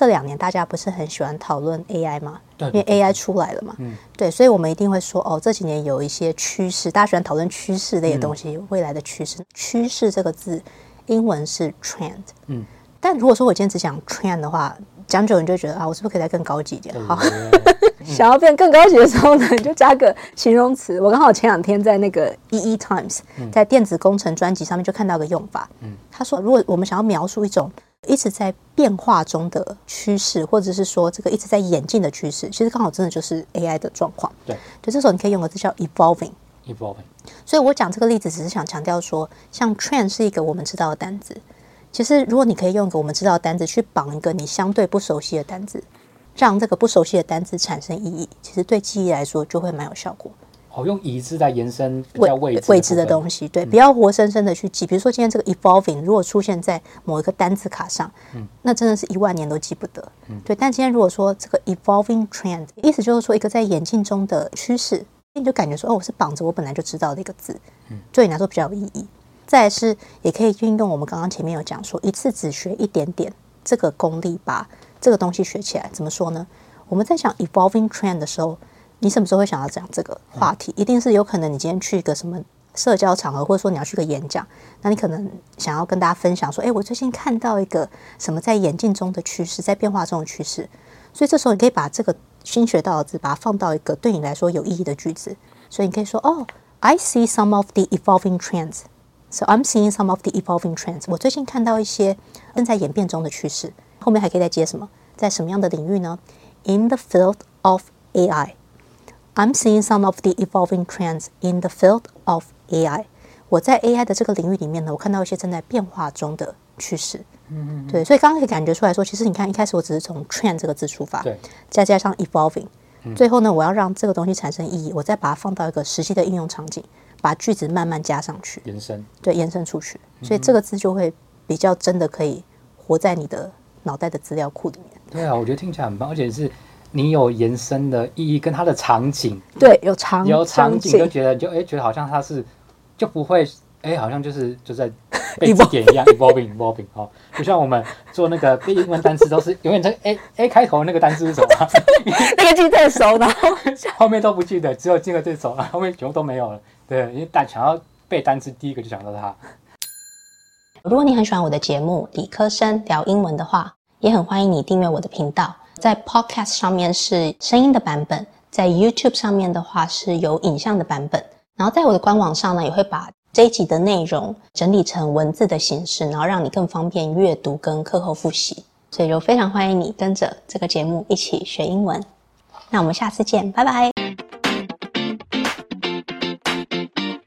這兩年大家不是很喜歡討論 AI 嗎？對對對對。因為 AI 出來了嘛。嗯，對，所以我們一定會說哦，這幾年有一些趨勢，大家喜歡討論趨勢這些東西，嗯，未來的趨勢。趨勢這個字，英文是 trend。嗯，但如果說我今天只講 trend 的話，講久你就覺得啊，我是不是可以再更高級一點？好，嗯、 想要變更高級的時候呢，你就加個形容詞。我剛好前兩天在那個 EE Times、嗯、在電子工程專輯上面就看到一個用法。嗯，他說如果我們想要描述一種。一直在變化中的趨勢，或者是說這個一直在演進的趨勢，其實剛好真的就是 AI 的狀況。對，對，這時候你可以用個字叫 evolving，evolving Evolving。所以我講這個例子，只是想強調說，像 trend 是一個我們知道的單字。其實，如果你可以用一個我們知道的單字去綁一個你相對不熟悉的單字，讓這個不熟悉的單字產生意義，其實對記憶來說就會蠻有效果。好、哦，用已知來延伸比較的未未知的東西，對、嗯，不要活生生的去記。比如說今天這個 evolving，如果出現在某一個單字卡上、嗯，那真的是一萬年都記不得，嗯、對。但今天如果說這個 evolving trend，意思就是說一個在演進中的趨勢，你就感覺說，哦，我是綁着我本來就知道的一個字，嗯，對你來說比較有意義。再來是也可以運用我們剛剛前面有講說，一次只學一點點這個功力，把這個東西學起來。怎麼說呢？我們在講 evolving trend 的時候。你什麼時候會想要講這個話題？一定是有可能你今天去一個什麼社交場合，或者說你要去個演講，那你可能想要跟大家分享說：“哎，我最近看到一個什麼在演進中的趨勢，在變化中的趨勢。”所以這時候你可以把這個新學到的字，把它放到一個對你來說有意義的句子。所以你可以說：“哦，I see some of the evolving trends. So I'm seeing some of the evolving trends.” 我最近看到一些正在演變中的趨勢。後面還可以再接什麼？在什麼樣的領域呢？In the field of AI。I'm seeing some of the evolving trends in the field of AI。我在 AI 的這個領域裡面呢，我看到一些正在變化中的趨勢。嗯，對，所以剛剛可以感覺出來說，其實你看一開始我只是從 trend 這個字出發，對，再加上 evolving，嗯，最後呢，我要讓這個東西產生意義，我再把它放到一個實際的應用場景，把句子慢慢加上去，延伸，對，延伸出去，所以這個字就會比較真的可以活在你的腦袋的資料庫裡面。對啊，我覺得聽起來很棒，而且是。你有延伸的意義跟它的場景，對，有場有場景，景就覺得就哎、欸，覺得好像它是就不會哎、欸，好像就是就在背字典一樣，revolving revolving 哦，就像我們做那個背英文單詞都是 永遠在 a a 開頭那個單詞是什麼，那個記得熟，然後後面都不記得，只有記得這首，後面全部都沒有了。對，因為但想要背單詞，第一個就想到它。如果你很喜歡我的節目《理科生聊英文》的話，也很歡迎你訂閱我的頻道。在 Podcast 上面是聲音的版本，在 YouTube 上面的話是有影像的版本，然後在我的官網上呢，也會把這一集的內容整理成文字的形式，然後讓你更方便閱讀跟課後複習。所以就非常歡迎你跟着這個節目一起學英文。那我們下次見，拜拜。